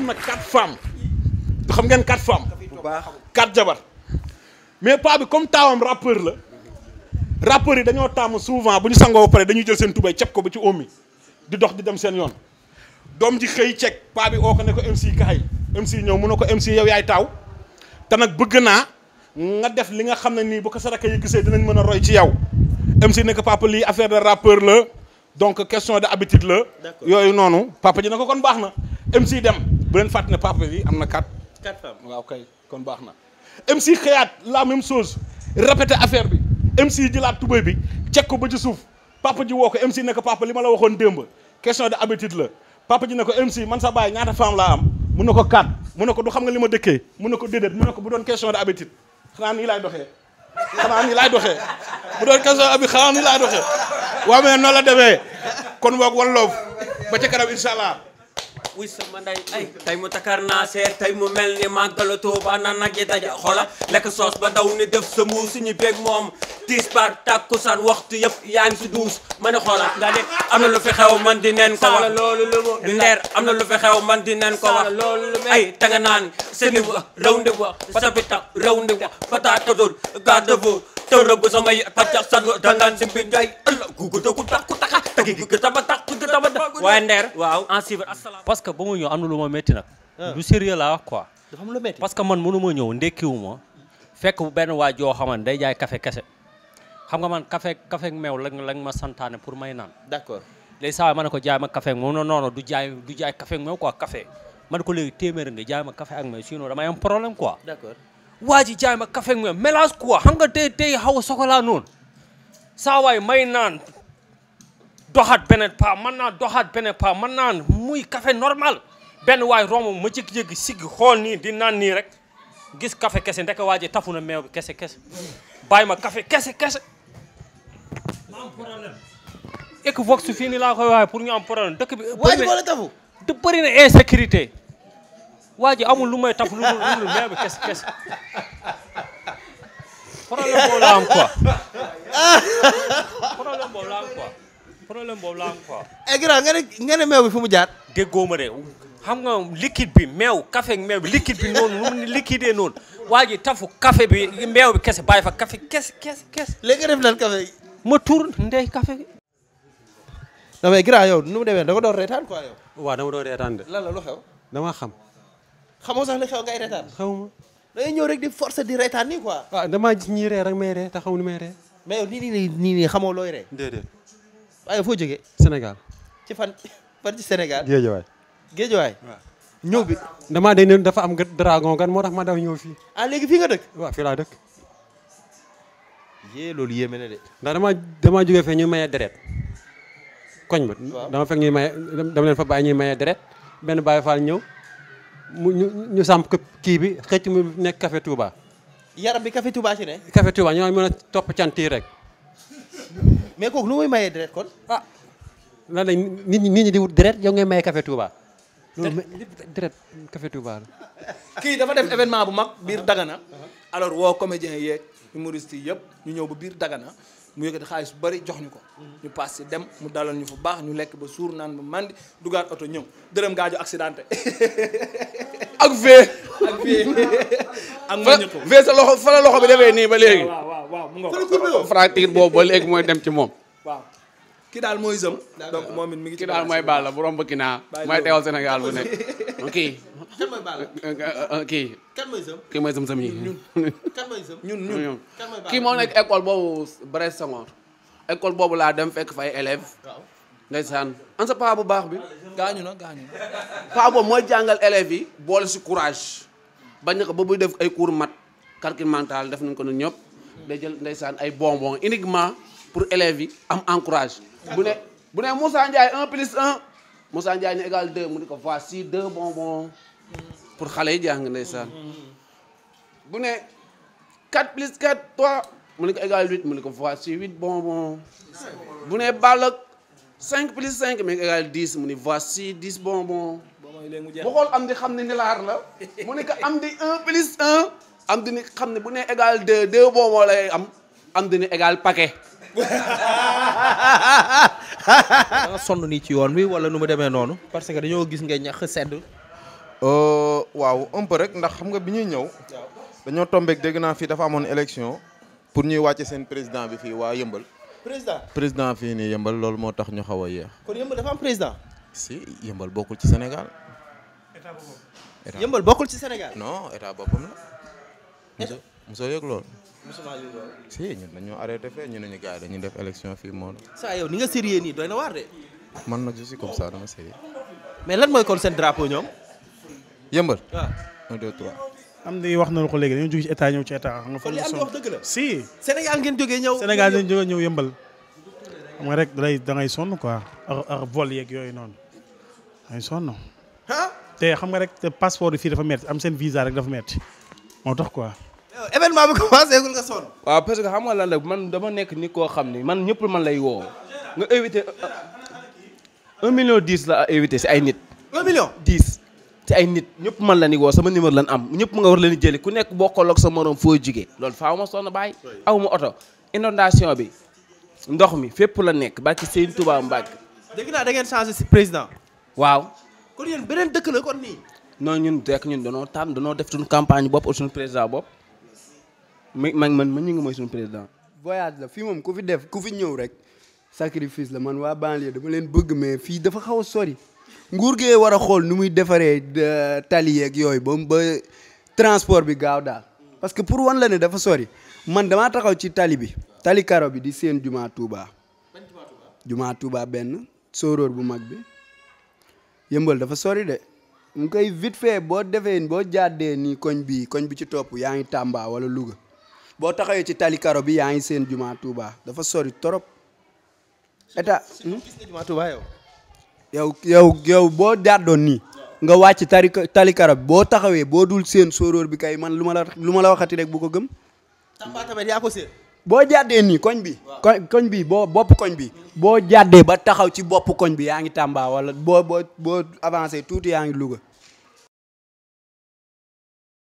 am na quatre xam ngeen quatre femmes. quatre jabar mais paa bi comme taawam rappeur la rappeur yi dañoo taamu souvent bu ñu sangoo pare dañuy jël seen tubay ceb ko ba ci oom yi di dox di dem seen yoon doom ji xëy ceeg paa bi oo ko ne ko MC kaay MC ñëw mun ne ko MC yow yaay taaw te nag bëgg naa nga def li nga xam ne nii bu ko sa rakk yi gisee dinañ mën a roy ci yow MC ne ko papa lii affaire de rappeur la donc question de habitude la yooyu noonu papa ji ne ko kon baax na MC dem bu leen fàttali ne papa bi am na quatre. quatre femmes waaw kay kon baax na. MC xëyaat la même chose répété affaire bi MC jëlaat tubéy bi cek ko ba ci suuf papa ji woo ko MC ne ko papa li ma la waxoon démb question de habitude la papa ji ne ko MC man sa baay ñaata femme laa am mun na ko quatre mun na ko du xam nga li ma dëkkee mun na ko déedéet mun na ko bu doon question de habitude xanaa nii laay doxee. xanaa nii laay doxee bu doon question abi xanaa nii laay doxee la demee kon boog One Love ba ca kanam incha allah wuy sama ay tey mu takar naa seer tey mu mel ni màggalu Tuuba na nag yi daja xola lekk soos ba daw ni def sa muus suñu beeg moom tiis par takkusaan waxtu yëpp yaa ngi si duus ma ne xoola nga ne am na lu fi xew man di neen ko wax loolu lu mu am na lu fi xew man di neen ko wax ay ta nga naan seni wa raw ndi wa pata bi tax raw ndi wa pata todol garde te rëbb samay pacca sanu dangaan simbi njaay ëllë ku ba tax ku gëta ba tax waaye ndeer waaw en parce que ba mu ñëw am na lu ma métti nag du sérieux laa wax quoi dafa am lu parce que man mënu ma ñëw ndekkiwu ma fekk bu benn waaj yoo xamante day jaay kafe kese xam nga man kafe café meew lañ lañ ma santaane pour may naan d'accord léegi saa ma ne ko jaay ma café moom non non du jaay du jaay café meew ko café man ko léegi téeméer nga jaay ma café ak meew sinon damay am problème quoi d'accord waa ji jaay ma café ak mélange quoi xam nga tey tey xaw a sokolaa noonu saa waay may naan doxaat beneen paa man naan doxaat beneen paa man naan muy café normal benn waay romb ma jékki-jékki sigg xool nii di naan nii rek gis café kese ndek waa ji tafu na meew bi kese kese bàyyi ma café kese kese ma am problème Equivox su fii nii laa koy waaye pour ñu am problème dëkk bi waa bari na insécurité waa ji amul lu may taf lu dul lu même kese kese problème boobu la am quoi problème meew bi fu mu jaar. déggoo ma de xam nga liquide bi meew kafe ak meew bi liquide bi noonu nu mu liquide noonu waa ji tafu kafe bi meew bi kese bàyyi fa café kese kese kese. léegi nga def lan café ma tuur ndey café gi. non yow nu mu demee da nga doon reetaan quoi yow. waaw dama doon reetaan de. lan la lu xew. dama xam. xamoo sax li xew ngay reetaan. xawma da ngay ñëw rek di forcer di reetaan nii quoi. Ah, rek may ree te xaw ni may ree. mais nii nii nii looy ree. déedéet. waaye foo jógee. Sénégal. ci fan fan ci Sénégal. Géejawaay. Géejawaay. waaw dafa am dragon gan moo tax ma daw ñëw fii. ah léegi fii nga dëkk. waaw fii laa dëkk. yee loolu yéeme na de. ndax damaa damaa jógee fee ñuy maye deret. koñ ba dama fekk ñuy maye dama leen fa bàyyi maye deret benn Baay Faal ñëw. mu ñu ñu samp kii bi xëcc mu nekk Café Touba. yaram bi Café Touba ci ne. Café Touba ñoo mën a topp cant yi rek. mais kooku lu muy mayee deret kon. ah la nit ñi nit ñi di wut deret yow ngay maye Café Touba. loolu deret Café Touba la. kii dafa def événement bu mag biir Dagana. alors woo comédien yeeg humoriste yi yëpp ñu ñëw ba biir Dagana. mu yëkkati xaalis bu bari jox ñu ko ñu passé dem mu dalal ñu fu baax ñu lekk ba suur naan ba mandi dugaat oto ñëw dërëm gaajo accidenté ak V. ak V sa loxo fa loxo bi defee nii ba léegi. waaw waaw waaw boobu ba léegi mooy dem ci moom. waaw ki daal mooy zëm. donc moom it mi ngi ci. ki daal mooy Balla bu romb Kina. mooy teewal Sénégal bu nekk kii. kan mooy Balla kii. kan mooy zëm kii mooy zëm kii moo nekk école boobu Brest Senghor. école boobu laa dem fekk fay élèves. ndeysaan an sa paa bu baax bi gaañu na gaañu na paa boobu mooy jàngal élèves boole si courage bañ na ko ba buy def ay cour mat calcul mental def nañ ko ñun ñëpp day jël ndeysaan ay bonbon uniquement pour élèves yi am encourage bu ne bu ne Moussa Ndiaye un plus un Moussa Ndiaye ne égal deux mu ne ko voici deux bonbons pour xale yi jàng ndeysaan bu ne quatre plus quatre trois mu ne ko égal huit mu ne ko voici huit bonbons bu ne ballak cinq plus 5 mais égal 10 mu ni voici 10 bonbons. bu xool am di xam ne nilaar la mu ne que am di un plus 1 am di ni xam ne bu ne égal 2 2 bonbons lay am am di ni égal paquet. da sonn nii ci yoon wi wala nu mu demee noonu parce que dañoo gis nga ñax sedd. Euh, waaw un rek ndax xam nga bi ñuy ñëw. dañoo tombeek dégg naa fii dafa amoon élection pour ñuy wàcce seen président bi fii waa Yëmbal. président président fii nii yëmbal loolu moo tax ñu xaw a yeex kon yëmbal dafa am président. si yëmbal bokkul ci Sénégal. état yëmbal bokkul ci Sénégal. non état boppam la. mu soo yëg loolu. mosuma yëg loolu. si ñun dañoo arrêté fee ñu ne ñu gars yi dañuy def élection fii moo la. saa yow ni nga sérieux nii doy na waar de. man nag je suis comme ça dama sérieux. mais lan mooy kon seen drapeau ñoom. yëmbal. am di wax na ko léegi dañoo jóge ci état ñëw ci état xam nga fa wax dëgg la si ñëw Sénégal ngeen jógee ñëw yëmbal xam nga rek dalay da ngay sonn quoi ak vol yeeg yooyu noonu dangay sonn te xam nga rek te passeport fii dafa metti am seen visa rek dafa metti moo tax quoi événement bi commencé gul nga sonn parce que xam nga lan la man dama nekk ni koo xam ni man ñëpp man lay woo nga éviter un million dix si ay nit un ci ay nit ñëpp man la ni woo sama numéro lan am ñëpp nga war leen jëli ku nekk bokkaloog sa morom foo jugee loolu faaw ma sonn bàyyi aw ma oto inondation bi ndox mi fépp la nekk barki Sëriñ Tuubaa Mbàkke dégg naa da ngeen changé si président waaw kon beneen dëkk la kon nii non ñun rek ñun danoo tànn danoo def campagne bopp ak suñu président bopp mi man ma ñu ngi mooy suñu président voyage la fii moom ku fi def ku fi ñëw rek sacrifice la man waa banlieue dama leen bëgg mais fii dafa xaw a sori nguur gee war a xool ni muy defaree euh, tali yeeg yooyu ba ba transport bi gaaw daal parce que pour wan la ne dafa sori man damaa taxaw ci tali bi tali karo bi di seen jumaa Touba jumaa Touba benn sóoróor bu mag bi yëmbal dafa sori de mu koy vite fait boo defee boo jàddee ni koñ bi koñ bi ci topp yaa ngi Tamba wala Louga boo taxawee ci tali karo bi yaa ngi seen jumaa Touba dafa sori torop état. gis nga yow yow yow boo jàddoon nii nga wàcc tari talikara boo taxawee boo dul seen sóoróor bi kay man lu ma la lu ma la waxati rek bu ko gëm. Tamba tamit boo jàddee nii koñ bi. koñ koñ bi boo bopp koñ bi. boo jàddee ba taxaw ci bopp koñ bi yaa ngi Tamba walla boo boo boo avancé tuuti yaa ngi Louga.